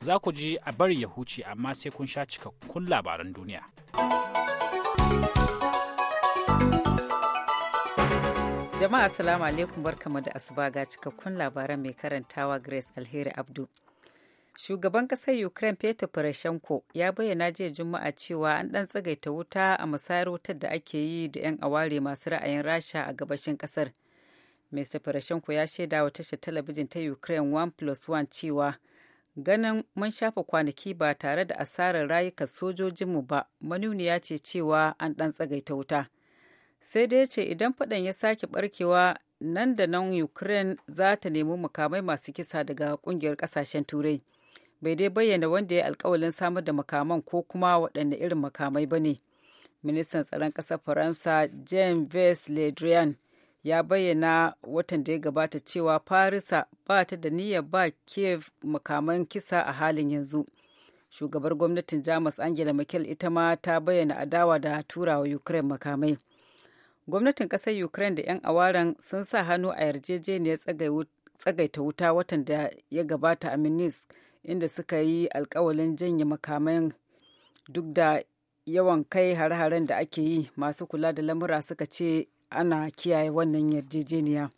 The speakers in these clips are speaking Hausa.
za ku ji a bari ya huce amma sai kun sha cikakkun labaran duniya. Jama'a Assalamu alaikum barkamu da asuba ga cikakkun labaran mai karantawa Grace Alheri Abdu. Shugaban ƙasar Ukraine peter Poroshenko ya bayyana jiya Juma'a cewa an ɗan tsagaita wuta a musayar wutar da ake yi da 'yan aware masu ra'ayin Rasha a gabashin ƙasar. Mr. Poroshenko ya shaida wa tashar talabijin ta Ukraine 1 plus 1 cewa ganin mun shafa kwanaki ba tare da asarar rayukan sojojinmu ba manuniya ce cewa an ɗan tsagaita wuta sai dai ce idan faɗan ya sake ɓarkewa nan da nan ukraine za ta nemi makamai masu kisa daga ƙungiyar ƙasashen turai bai dai bayyana wanda ya alkawalin samar da makaman ko kuma waɗanne irin makamai ba ne ministan tsaron ƙasar faransa jean le drian ya bayyana watan da ya gabata cewa Farisa ba ta da niyyar ba Kiev makaman kisa a halin yanzu. Shugabar gwamnatin Jamus Angela Merkel ita ma ta bayyana adawa da turawa Ukraine makamai. Gwamnatin ƙasar Ukraine da 'yan awaran sun sa hannu a yarjejeniyar tsagaita wuta watan da ya gabata a minis inda suka yi alkawalin janye makamai duk da yawan kai hare-haren da ake yi masu kula da lamura suka ce ana kiyaye wannan yarjejeniya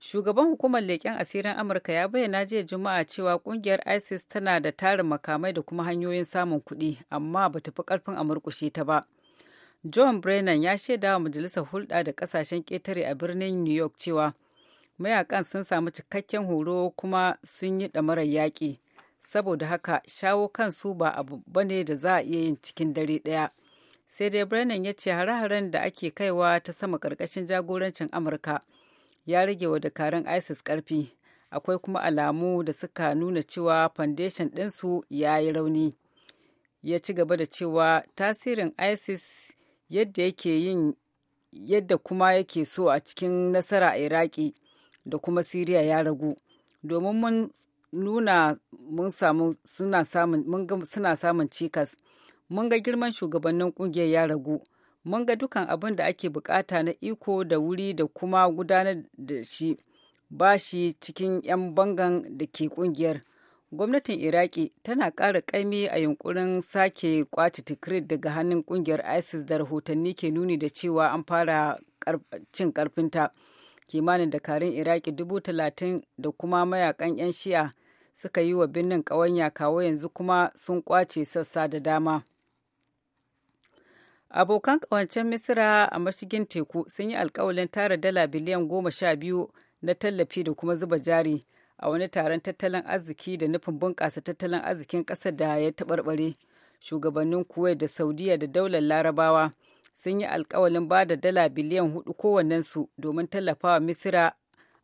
shugaban hukumar leƙen asirin amurka ya bayyana jiya juma'a cewa ƙungiyar isis tana da tarin makamai da kuma hanyoyin samun kuɗi amma ba ta fi ƙarfin a murkushe ta ba john brennan ya shaida wa majalisar hulɗa da ƙasashen ƙetare a birnin new york cewa mayakan sun samu cikakken horo kuma sun yi ɗamarar yaƙi saboda haka shawo kansu ba abu ba ne da za a iya yin cikin dare ɗaya sai dai brennan ya ce hare-haren da ake kaiwa ta sama karkashin jagorancin amurka ya rage wa dakarun isis ƙarfi akwai kuma alamu da suka nuna cewa foundation ɗinsu ya yi rauni ya ci gaba da cewa tasirin isis yadda yake yin yadda kuma yake so a cikin nasara a iraki da kuma siriya ya ragu domin mun nuna mun samu suna samun cikas mun ga girman shugabannin kungiyar ya ragu mun ga dukan abin da ake bukata na iko da wuri da kuma gudanar da shi ba shi cikin 'yan bangan da ke kungiyar gwamnatin iraki tana kara kaimi a yunkurin sake kwace tikrit daga hannun kungiyar isis da rahotanni ke nuni da cewa an fara cin karfinta kimanin dakarun iraki dubu talatin da kuma mayakan 'yan shi'a suka yi wa birnin ƙawanya kawo yanzu kuma sun kwace sassa da dama abokan ƙawancen misira a mashigin teku sun yi alkawalin tara dala biliyan goma sha biyu na tallafi da kuma zuba jari a wani taron tattalin arziki da nufin bunƙasa tattalin arzikin ƙasar da ya taɓarɓare shugabannin kuwait da saudiya da daular larabawa sun yi alkawalin ba da dala biliyan hudu kowannensu domin tallafawa misira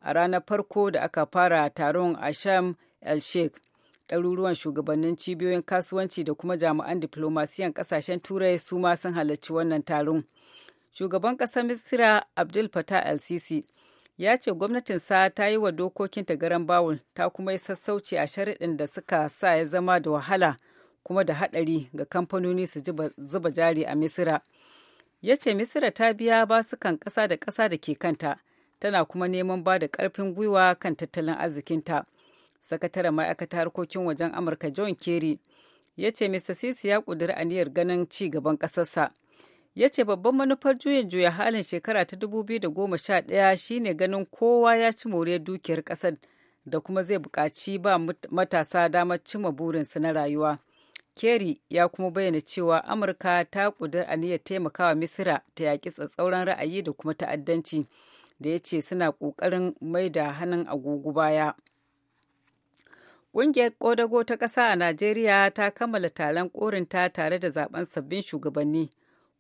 a ranar farko da aka fara taron a sham el sheikh ɗaruruwan shugabannin cibiyoyin kasuwanci da kuma jami'an diflomasiyan ƙasashen turai su ma sun halarci wannan taron shugaban ƙasar misira abdul fatah el sisi ya ce gwamnatinsa ta yi wa dokokin garan bawul ta kuma yi sassauci a sharaɗin da suka sa ya zama da wahala kuma da haɗari ga kamfanoni su zuba jari a misira ya ce misira ta biya basukan ƙasa da ƙasa da ke kanta tana kuma neman ba da ƙarfin gwiwa kan tattalin arzikinta. sakataren ma'aikatar harkokin wajen amurka john kerry ya ce mr sisi ya ƙudiri aniyar ganin ci gaban ƙasarsa ya ce babban manufar juyin juya halin shekara ta dubu biyu da goma sha 2011 shine ganin kowa ya ci more dukiyar ƙasar da kuma zai buƙaci ba matasa damar cimma burinsu na rayuwa kerry ya kuma bayyana cewa amurka ta ƙudur aniyar taimakawa misira ta yaƙi tsatsauran ra'ayi da kuma ta'addanci da ya ce suna ƙoƙarin mai da hannun agogo baya Ƙungiyar ƙodago ta ƙasa a Najeriya ta kammala taron ƙorinta tare da zaben sabbin shugabanni.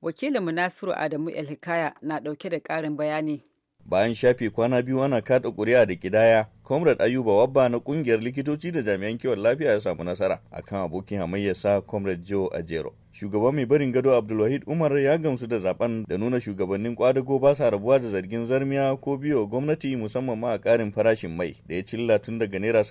Wakilinmu Nasiru Adamu El Hikaya na ɗauke da ƙarin bayani. Bayan shafi kwana biyu ana kaɗa ƙuri'a da ƙidaya, Comrade Ayuba Wabba na kungiyar likitoci da jami'an kiwon lafiya ya samu nasara a kan abokin hamayyarsa Comrade Joe Ajero. Shugaban mai barin gado Abdulwahid Umar ya gamsu da zaben da nuna shugabannin kwadago ba sa rabuwa da zargin zarmiya ko biyo gwamnati musamman ma a karin farashin mai da ya cilla tun daga naira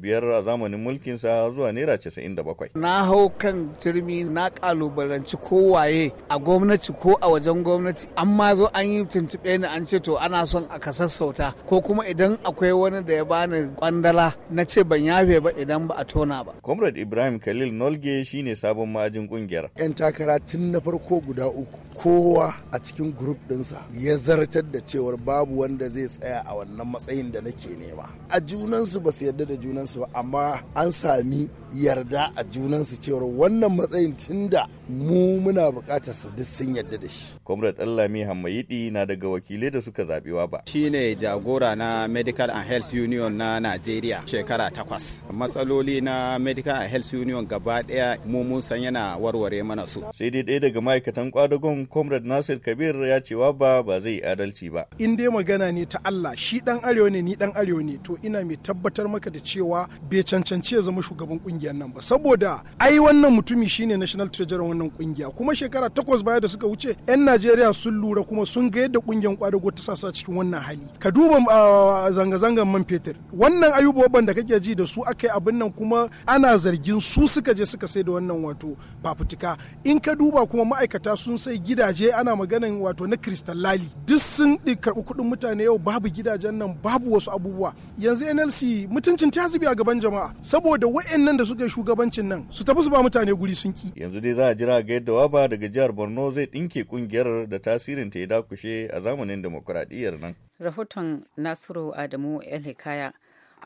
biyar a zamanin mulkin mulkinsa zuwa naira casa'in da bakwai. Na hau kan turmi na kalubalanci kowaye a gwamnati ko a wajen gwamnati amma zo an yi tuntuɓe ni an ce to ana son a kasassauta ko kuma idan akwai wani da ya bani kwandala na ce ban yafe ba idan ba a tona ba. Comrade Ibrahim Khalil Nolge shine sabon ma'ajin kungiyar. 'Yan takara tun na farko guda uku kowa a cikin grup ɗinsa ya zartar da cewar babu wanda zai tsaya a wannan matsayin da nake nema a junansu ba su yarda da junansu ba amma an sami yarda a junansu cewar wannan matsayin tunda mu muna bukatar su duk sun yarda da shi comrade allami hammayidi na daga wakilai da suka wa. ba shine jagora na medical and health union na najeriya shekara takwas matsaloli na medical and health union gaba ɗaya mu mun san yana warware mana su sai dai ɗaya daga ma'aikatan kwadagon comrade nasir kabir ya ce ba ba zai adalci ba in dai magana ne ta allah shi dan arewa ne ni dan arewa ne to ina mai tabbatar maka da cewa bai cancanci ya zama shugaban kungiyar nan ba saboda ai wannan mutumi shine national treasurer wannan kungiya kuma shekara takwas baya da suka wuce yan najeriya sun lura kuma sun ga yadda kungiyar kwadago ta sasa cikin wannan hali ka duba ah, zanga-zangan man fetur wannan ban da kake ji da su aka abin nan kuma ana zargin su suka je suka sai da wannan wato fafutuka in ka duba kuma ma'aikata sun sai gidaje ana maganin wato na kristal lali duk sun karɓi kuɗin mutane yau babu gidajen nan babu wasu abubuwa yanzu nlc mutuncin ta zubi a gaban jama'a saboda wa'annan da suka shugabancin nan su tafi su ba mutane guri sun ki yanzu dai za a jira ga yadda waba daga jihar borno zai ɗinke ƙungiyar da tasirin ta ya dakushe a zamanin demokuraɗiyyar nan rahoton nasiru adamu el hikaya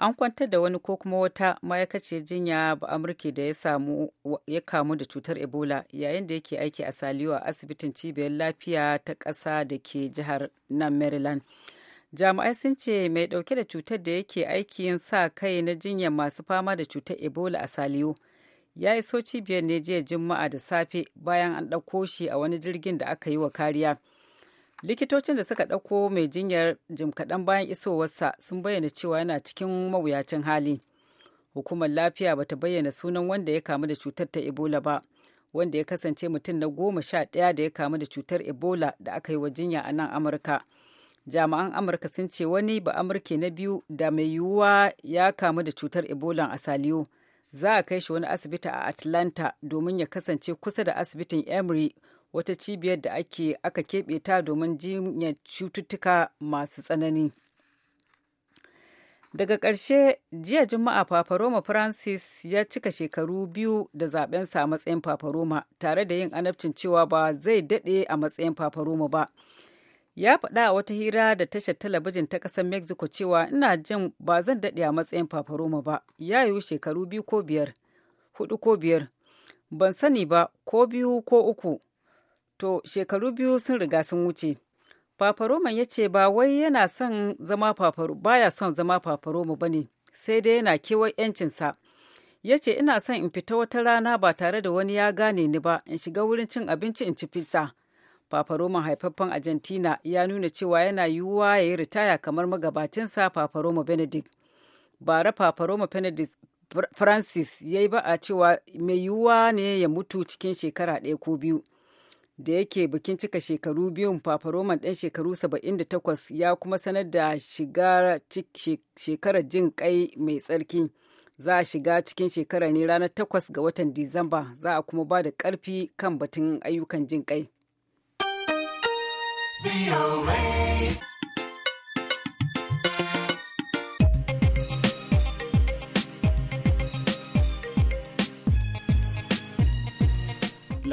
an kwantar da wani ko kuma wata ma'aikaciyar jinya ba amurke da ya samu ya kamu da cutar ebola yayin da yake aiki a saliyo a asibitin cibiyar lafiya ta ƙasa da ke jihar nan maryland jami'ai sun ce mai ɗauke da cutar da yake aikin sa kai na jinya masu fama da cutar ebola a saliyo ya iso cibiyar ne jiya juma'a da safe bayan an ɗauko shi a wani jirgin da aka yi wa kariya likitocin da suka ɗauko mai jinyar jim kaɗan bayan isowarsa sun bayyana cewa yana cikin mawuyacin hali hukumar lafiya ba ta bayyana sunan wanda ya kamu da cutar ta ebola ba wanda ya kasance mutum na goma sha ɗaya da ya kamu da cutar ebola da aka yi wa jinya a nan amurka jami'an amurka sun ce wani ba amurke na biyu da mai yiwuwa ya kamu da cutar ebola a saliyo za a kai shi wani asibiti a atlanta domin ya kasance kusa da asibitin emory wata cibiyar da ake aka keɓe ta domin jinya cututtuka masu tsanani daga ƙarshe jiya juma'a paparoma francis ya cika shekaru biyu da zaɓensa a matsayin paparoma tare da yin anabcin cewa ba zai daɗe a matsayin paparoma ba ya faɗa a wata hira da tashar talabijin ta ƙasar mexico cewa ina jin ba zan daɗe a matsayin paparoma ba ya yiwu shekaru biyu ko biyar hudu ko biyar ban sani ba ko biyu ko uku to shekaru biyu sun riga sun wuce fafaroma ya ce ba wai yana son zama fafaro baya son zama fafaroma ba ne sai dai yana kewa yancinsa ya ce ina son in fita wata rana ba tare da wani ya gane ni ba in shiga wurin cin abinci in ci fisa fafaroma haifaffen argentina ya nuna cewa yana yiwuwa ya yi ritaya kamar magabacinsa fafaroma benedict bara fafaroma benedict francis ya yi ba a cewa mai yiwuwa ne ya mutu cikin shekara ɗaya ko biyu da yake bikin cika shekaru biyun fafaroman ɗan shekaru 78 ya kuma sanar da shekarar jin kai mai tsarki za a shiga cikin shekara ne ranar 8 ga watan disamba za a kuma ba da ƙarfi kan batun ayyukan jin kai.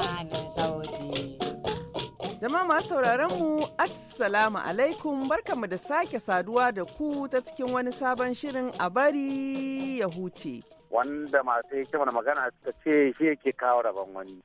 wani sauti. Jama'a masu sauraron mu Assalamu alaikum barkanmu da sake saduwa da ku ta cikin wani sabon shirin a bari ya huce. Wanda masu yake magana suka ce shi yake kawo rabon wani.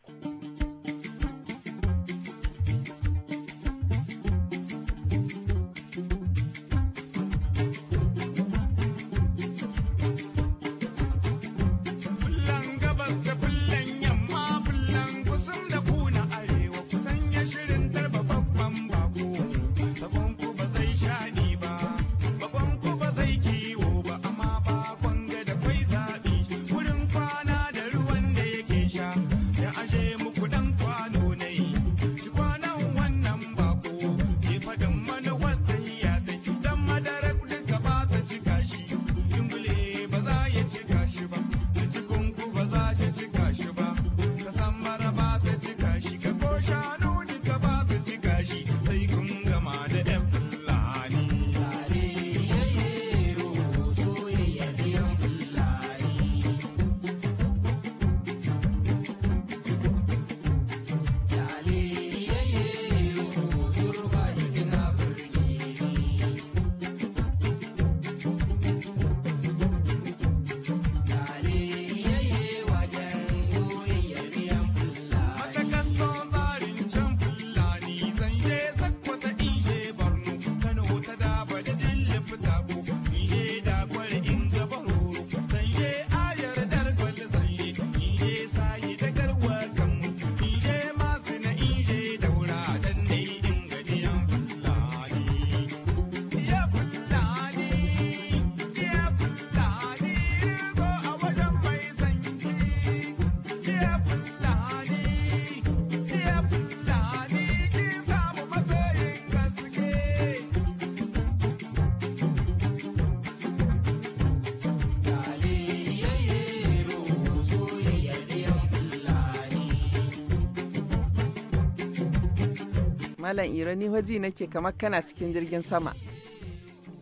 Malam Iro ni waje nake kamar kana cikin jirgin sama.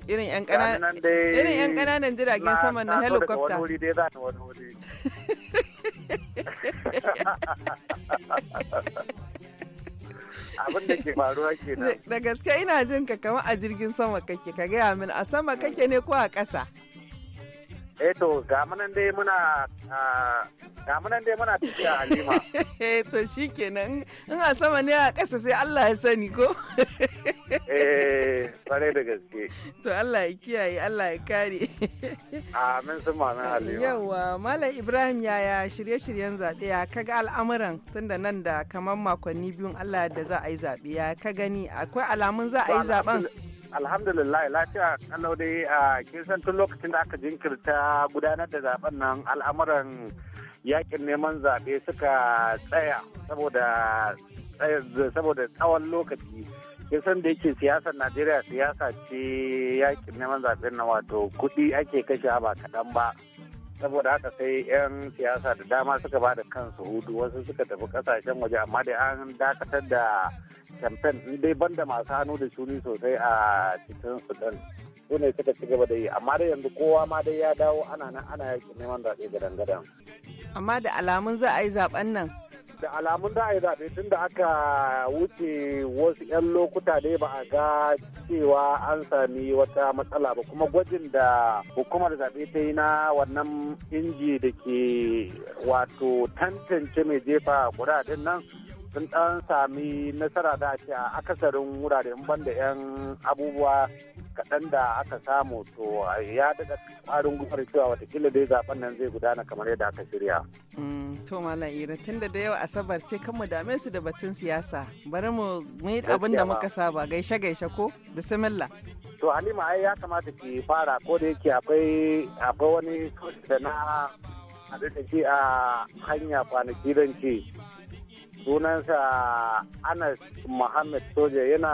Irin 'yan ƙananan jiragen sama na helicopter. abin da ke faruwa kenan. Da gaske ina jin ka kamar a jirgin sama kake ka gaya min a sama kake ne ko a ƙasa. Eto, eh, to ga munan dai muna ga munan dai muna tafiya halima eh to shikenan in a sama ne a ƙasa sai Allah ya sani ko eh kwarai da gaske to Allah ya kiyaye Allah ya kare amin sun mamin halima yawa malam Ibrahim yaya shirye-shiryen zaɓe ya kaga al'amuran tunda nan da kamar makonni biyun Allah da za a yi zaɓe ya ka gani akwai alamun za a yi zaɓen alhamdulillah lafiya kano dai a kin san tun lokacin da aka jinkirta gudanar da zaben nan al'amuran yakin neman zaɓe suka tsaya saboda tsawon lokaci kin san da yake siyasar najeriya siyasa ce yakin neman zaɓen na wato kuɗi ake kashe ba kaɗan ba saboda haka sai 'yan siyasa da dama suka ba da kansu hudu wasu suka tafi kasashen waje amma dai an dakatar da in dai banda masu hannu da shuni sosai a cikin sudan su ne suka ci gaba da yi amma dai yanzu kowa ma dai ya dawo ana nan ana neman zaɓe gadan-gadan amma da alamun za a yi zaɓen nan da alamun da a yi zaɓe tun da aka wuce wasu 'yan lokuta dai ba a ga cewa an sami wata matsala ba kuma gwajin da hukumar zaɓe ta yi na wannan inji da ke wato tantance mai jefa din nan sun dan sami nasara da ce a akasarin wurare banda 'yan abubuwa kaɗan da aka samu to ya daga ƙarin gwiwar cewa watakila dai zaben nan zai gudana kamar yadda aka shirya. Mm, to malam ira tun da da yau asabar ce kan mu dame su da batun siyasa bari mu yi abin da muka saba gaishe gaishe ko bismillah. to halima ai ya kamata ki fara ko da yake akwai akwai wani da na haɗu da shi a hanya kwanaki don ce sunansa anas muhammad soja yana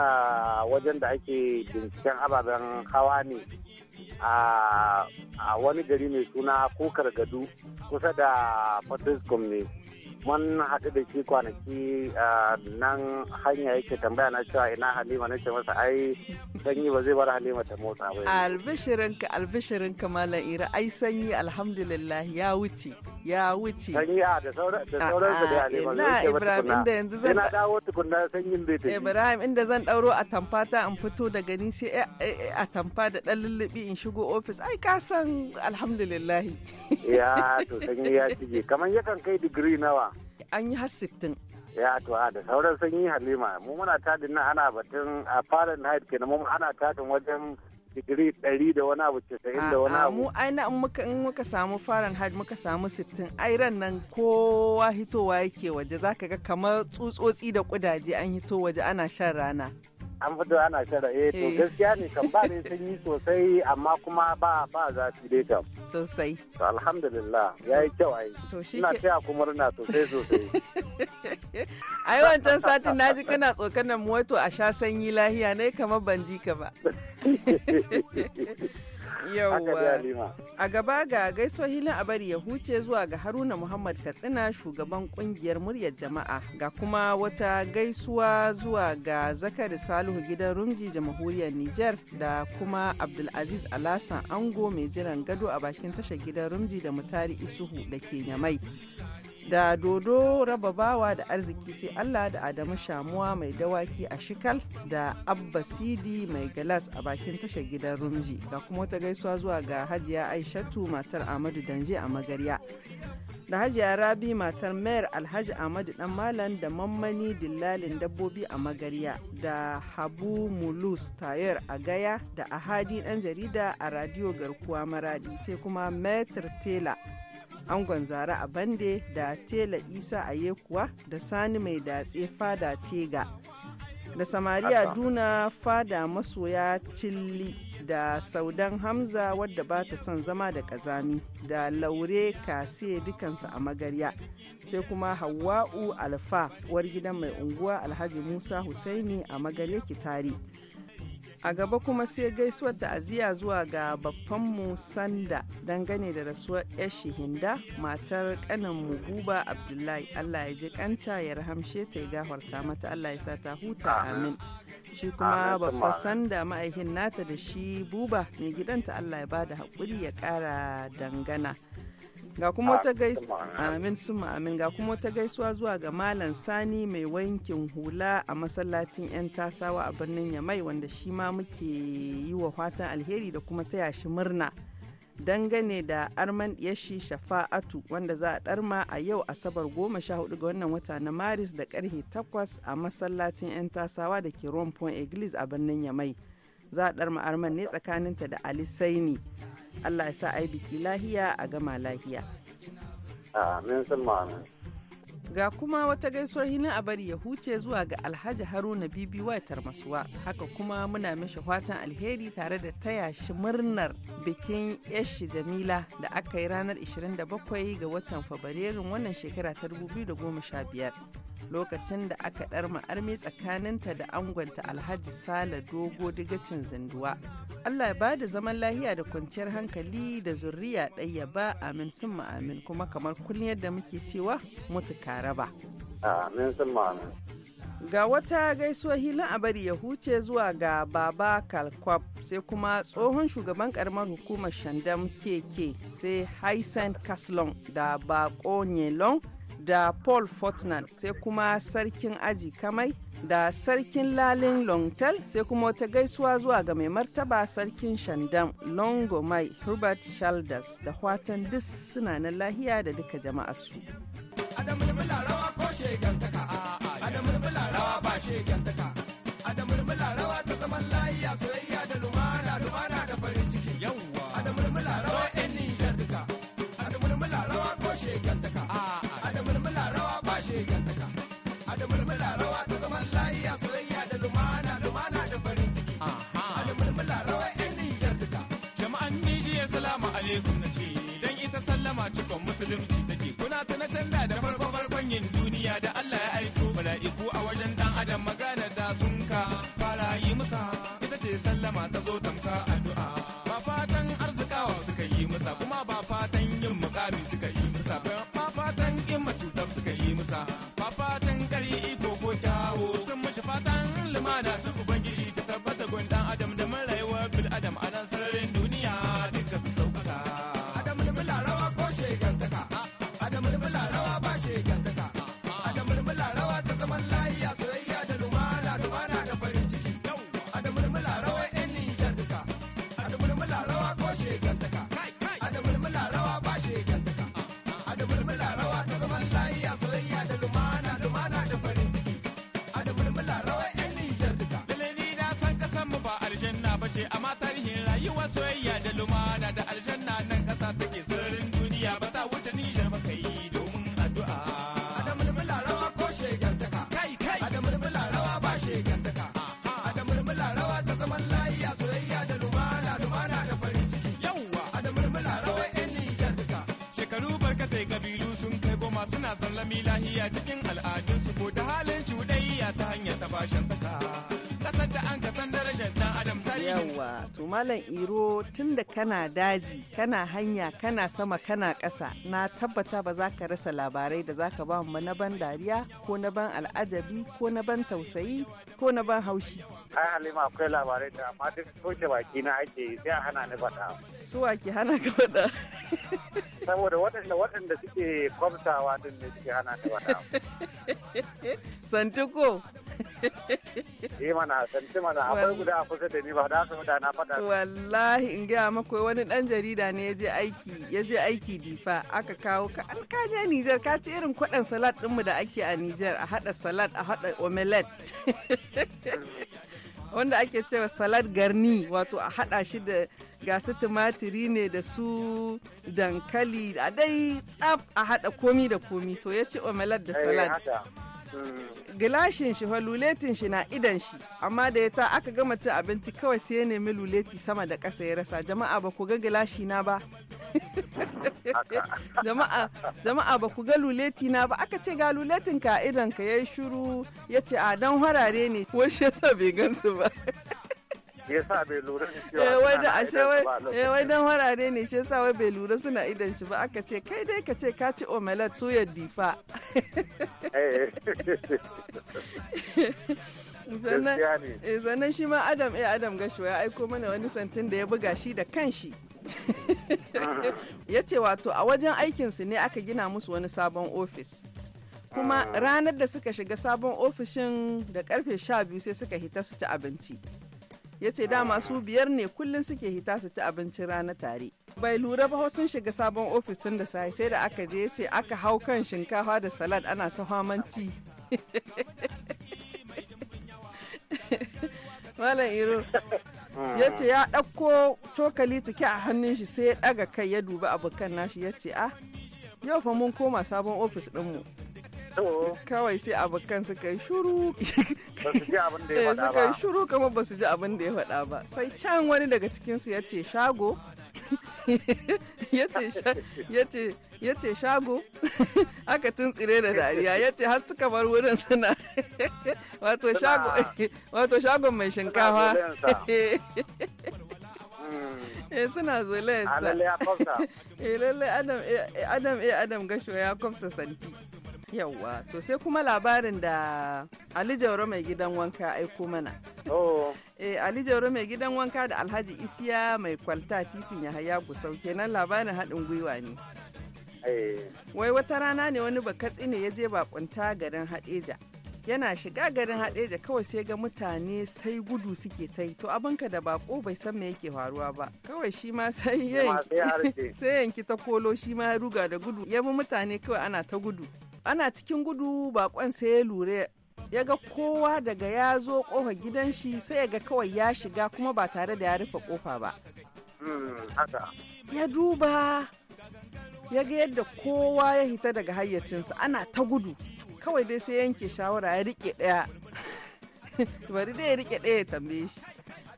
wajen da ake binciken ababen hawa ne a wani gari mai suna kokar gadu kusa da fatiskum ne mun haɗu da shi kwanaki nan hanya yake tambaya na cewa ina halima na ce masa ai sanyi ba zai bar halima ta motsa ba albishirinka albishirinka malam ira ai sanyi alhamdulillah ya wuce ya wuce sanyi a da sauran da halima na ibrahim inda yanzu zan ina dawo tukunna sanyin bai ta ibrahim inda zan dauro a ta in fito daga ni sai eh, eh, eh, a tamfa da dan lullubi in shigo office ai ka san alhamdulillah ya to sanyi ya cije kamar yakan kai digiri nawa an yi har sittin. ya to da sauran sun yi halima mu muna tadin nan ana batun a fahrenheit kenan mu ana tadin wajen digiri ɗari da wani abu casa'in da wani abu. Mu aina in muka in muka samu Fahrenheit muka samu sittin ai ran nan kowa hitowa yake waje zaka ga kamar tsutsotsi da kudaje an hito waje ana shan rana. an fito ana shara eh to gaskiya ne kan ba ne sanyi sosai amma kuma ba ba zafi dai kam sosai to alhamdulillah yayi kyau ai ina taya ku murna sosai sosai ai wancan satin na ji kana tsokanan moto a sha sanyi lahiya ne kamar ban ji ka ba A gaba ga gaisuwar hilin a bari ya huce zuwa ga Haruna Muhammad Katsina shugaban kungiyar muryar jama'a ga kuma wata gaisuwa zuwa ga Zakari Salihu gidan Rumji jamhuriyar Nijar da kuma Abdulaziz Alasan Ango mai jiran gado a bakin tashar gidan Rumji da Mutari Isuhu da ke Nyamai. da dodo raba bawa da arziki sai allah da adamu shamuwa mai dawaki a shikal da abba sidi mai galas a bakin tashar gidan rumji ga kuma wata gaisuwa zuwa ga hajiya aishatu matar ahmadu danje a magarya da hajiya rabi matar mayar alhaji ahmadu dan malam da mammani dillalin dabbobi a magarya da habu mulus tayar a gaya da ahadi dan jarida a radiyo garkuwa maradi sai kuma metr tela angon zara a bande da tela isa a kuwa da sani mai datse fada tega da samariya duna fada masoya cilli da saudan hamza wadda ba ta son zama da kazami da laure kase dukansa a magarya sai kuma hawa'u alfa uwar gidan mai unguwa alhaji musa hussaini a magarya kitari. a gaba kuma sai gaisuwar ta'aziyya zuwa ga mu sanda dangane da rasuwar yar hinda matar mu guba abdullahi allah ya ji kanta ya rahamshe ta ya gafarta mata allah ya sa ta huta amin shi kuma babban sanda ma'aikin nata da shi buba mai gidanta allah ya bada haƙuri ya ƙara dangana Ga kuma ah, wata gaisuwa ah, amin ga kuma wata gaisuwa zuwa ga Malam Sani mai wankin hula a masallacin 'yan tasawa a birnin Yamai wanda shi ma muke yi wa fatan alheri da kuma taya shi murna. dangane da arman yashi shafa'atu wanda za a ɗarma a yau asabar goma sha hudu ga wannan wata na maris da karhe takwas a masallacin 'yan tasawa da ke rompon eglis a birnin yamai za a ɗarma arman ne tsakaninta da alisaini Allah ya sa ai biki lahiya a gama lahiya. Amin sun Ga kuma wata gaisuwar hinin a bari ya huce zuwa ga Alhaji Haruna Bibi Watar Masuwa. Haka kuma muna mishi fatan alheri tare da taya shi murnar bikin yashi Jamila da aka yi ranar 27 ga watan Fabrairun wannan shekara ta 2015. lokacin da aka ɗar armi tsakaninta da angonta alhaji sale dogo digacin zinduwa allah ya ba da zaman lahiya da kwanciyar hankali da zurriya ɗaya ba amin sun amin kuma kamar kullum da muke cewa mutu ba. amin sun amin ga wata gaisuwa hilin a bari ya huce zuwa ga baba kalkwab sai kuma tsohon shugaban karamar hukumar shandam keke sai haisan kaslon da bako nyelon da Paul Fortnan sai kuma sarkin aji kamai da sarkin lalin longtal sai kuma wata gaisuwa zuwa ga mai martaba sarkin shandam longomai Hubert Shalders da watan duk suna na lahiya da duka jama'arsu. su. alaikum na ce to malam iro tun da kana daji kana hanya kana sama kana ƙasa na tabbata ba za ka rasa labarai da za ka ba mu na ban dariya ko na ban al'ajabi ko na ban tausayi ko na ban haushi ai halima akwai labarai da amma duk toshe baki na ake sai a hana ni faɗa su ki hana ka faɗa saboda waɗanda waɗanda suke kwamsawa din ne suke hana ni faɗa santuko Eh, mana Wallahi in gaya maka wani dan jarida ne ya je aiki yaje aiki difa aka kawo ka an ka je Nijar ka ci irin kwadan salad mu da ake a Nijar a haɗa salad a haɗa omelette. wanda ake cewa salad garni wato a hada shi da gasu tumatiri ne da su dankali a dai tsaf a hada komi da komi to ya ci omelet da eh, salad gilashin shi fa luletin shi na idan shi amma da ya ta aka gama cin abinci kawai sai ya nemi luleti sama da ƙasa ya rasa jama'a ba ku ga gilashi na ba jama'a jama'a ba ku ga luleti na ba aka ce ga luletin ka idan ka yayi shiru ya ce a dan harare ne wai shi yasa bai gansu ba yasa bai lura da cewa eh, wai da ashe wai eh wai dan warare ne shi yasa wai bai lura suna idan shi ba aka ce kai dai ka ce ka ci omelet suya difa eh. eh, sannan shi ma adam eh adam gashuwa ya aiko mana wani santin da ya buga shi da kanshi ya ce wato a wajen aikinsu ne aka gina musu wani sabon ofis kuma ah. ranar da suka shiga sabon ofishin da karfe 12 sai suka hita su ci abinci ya ce dama su biyar ne kullum suke hita su ci abincin rana tare bai lura ba sun shiga sabon ofis tun da sai sai da aka je ya ce aka hau kan shinkafa da salad ana ta hamanci Malam Iro ya ce ya ɗauko cokali cike a hannun shi sai ya ɗaga kai ya duba abokan nashi ya ce ah yau fa mun koma sabon ofis ɗinmu kawai sai abokan suka yi shuru suka yi eh, shuru kama ba su ji abin da ya faɗa ba sai can wani daga cikinsu ya ce shago ya ce shago aka tuntsire da dariya ya ce har suka bar wurin suna wato shagon mai shinkafa e suna zolayarsa ah, eh lallai adam e adam gasho ya kwamsa santi yauwa to sai kuma labarin da Ali Jauro mai gidan wanka aiko mana. Oh. Eh, Ali Jauro mai gidan wanka da Alhaji Isiya mai kwalta titin ya Yahaya Gusau kenan labarin haɗin gwiwa ne. Eh. Wai wata rana ne wani bakatsi ne ya je bakunta garin Hadeja. Yana shiga garin haɗeja kawai sai ga mutane sai gudu suke ta yi. To abinka da bako bai san me yake faruwa ba. Kawai shi ma sai yanki ta kolo shi ma ya ruga da gudu. Ya mutane kawai ana ta gudu. ana cikin gudu bakon sai ya lura ya ga kowa daga ya zo kofa gidan shi sai ya ga kawai ya shiga kuma ba tare da ya rufe kofa ba hmm, ya duba ya ga yadda kowa ya hita daga hayyacinsa ana ta gudu kawai dai sai yanke shawara ya rike daya bari dai ya rike daya ya tambaye shi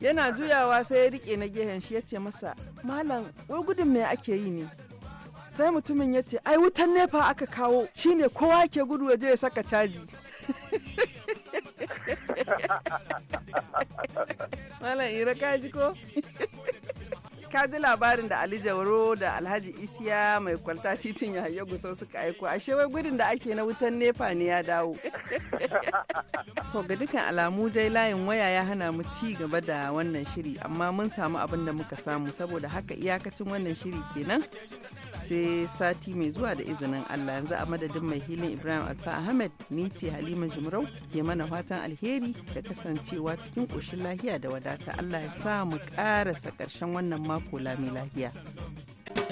yana juyawa sai ya rike na gehen shi ya ce masa malam wai gudun mai ake yi ne sai mutumin ya ce ai wutan nefa aka kawo shine kowa ke gudu ya ya saka caji Malam Ira kaji ko? ka ji labarin da Ali Jauro da Alhaji Isiya mai kwalta titin ya Yahaya Gusau suka aiko ashe wai gudun da ake na wutan nefa ne ya dawo. To ga dukan alamu dai layin waya ya hana mu ci gaba da wannan shiri amma mun samu abin da muka samu saboda haka iyakacin wannan shiri kenan sai sati mai zuwa da izinin Allah yanzu a madadin mai hilin Ibrahim Alfa Ahmed ni ce Halima Jumrau ke mana fatan alheri da kasancewa cikin ƙoshin lahiya da wadata Allah ya sa mu ƙarasa ƙarshen wannan mako lami lahiya.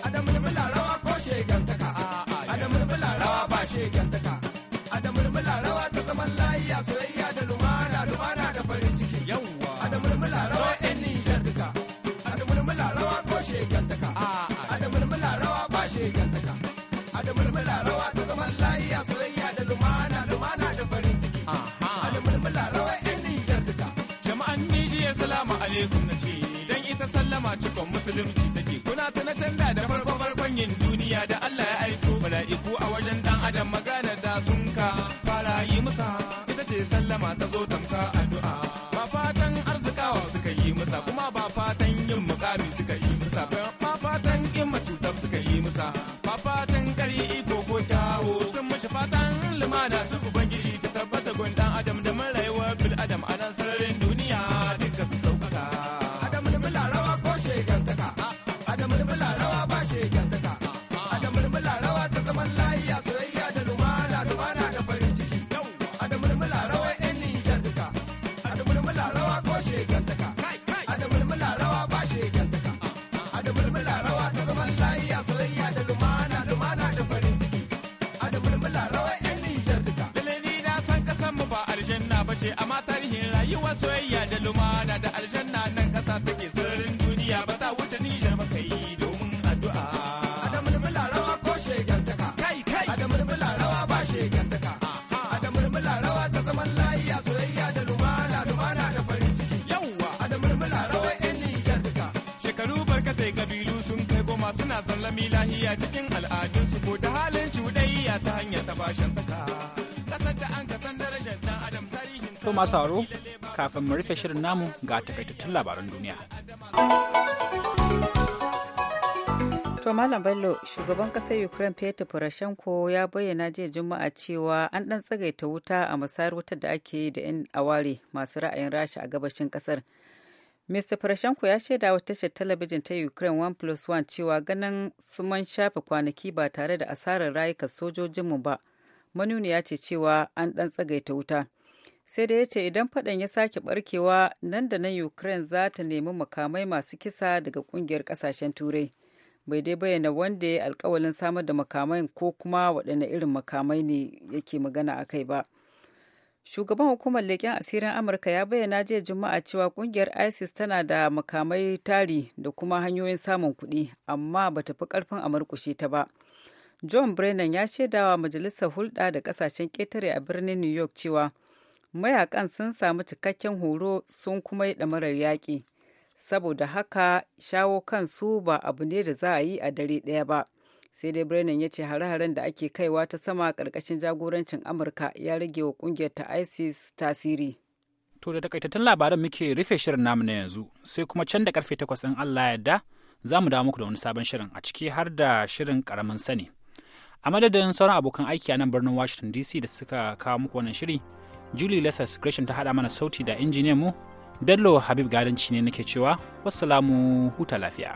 Adam rawa ko shegantaka Adam rawa ba shegantaka ce gwamnati dan ita sallama cikon musulunci masu sauraro kafin mu rufe shirin namu ga takaitattun labaran duniya. To Malam Bello, shugaban kasar Ukraine Petro Poroshenko ya bayyana jiya Juma'a cewa an ɗan tsagaita wuta a musayar wutar da ake yi da 'yan aware masu ra'ayin Rasha a gabashin kasar. Mr. Poroshenko ya shaida wa tashar talabijin ta Ukraine 1 plus 1 cewa ganin suman shafe kwanaki ba tare da asarar rayuka sojojinmu ba. Manuniya ce cewa an ɗan tsagaita wuta. sai da ya ce idan faɗan ya sake barkewa nan da nan ukraine za ta nemi makamai masu kisa daga ƙungiyar ƙasashen turai bai dai bayyana wanda ya alkawalin samar da makamai ko kuma waɗanne irin makamai ne yake magana a kai ba shugaban hukumar leƙen asirin amurka ya bayyana jiya juma'a cewa ƙungiyar isis tana da makamai tari da kuma hanyoyin samun kuɗi amma ba ta fi ƙarfin a murkushe ta ba john brennan ya shaidawa majalisar hulɗa da ƙasashen ƙetare a birnin new york cewa mayakan sun samu cikakken horo sun kuma yi ɗamarar yaƙi saboda haka shawo kansu ba abu ne da za a yi a dare ɗaya ba sai dai brennan ya ce hare-haren da ake kaiwa ta sama ƙarƙashin jagorancin amurka ya rage wa ƙungiyar ta isis tasiri to da takaitattun labaran muke rufe shirin namu na yanzu sai kuma can da karfe takwas in allah yarda za mu dawo muku da wani sabon shirin a ciki har da shirin karamin sani a madadin sauran abokan aiki a nan birnin washington dc da suka kawo muku wannan shiri Julie Lethers Gresham ta haɗa mana sauti da injiniyan mu, Bello Habib Gadanci ne nake cewa, wassalamu huta lafiya.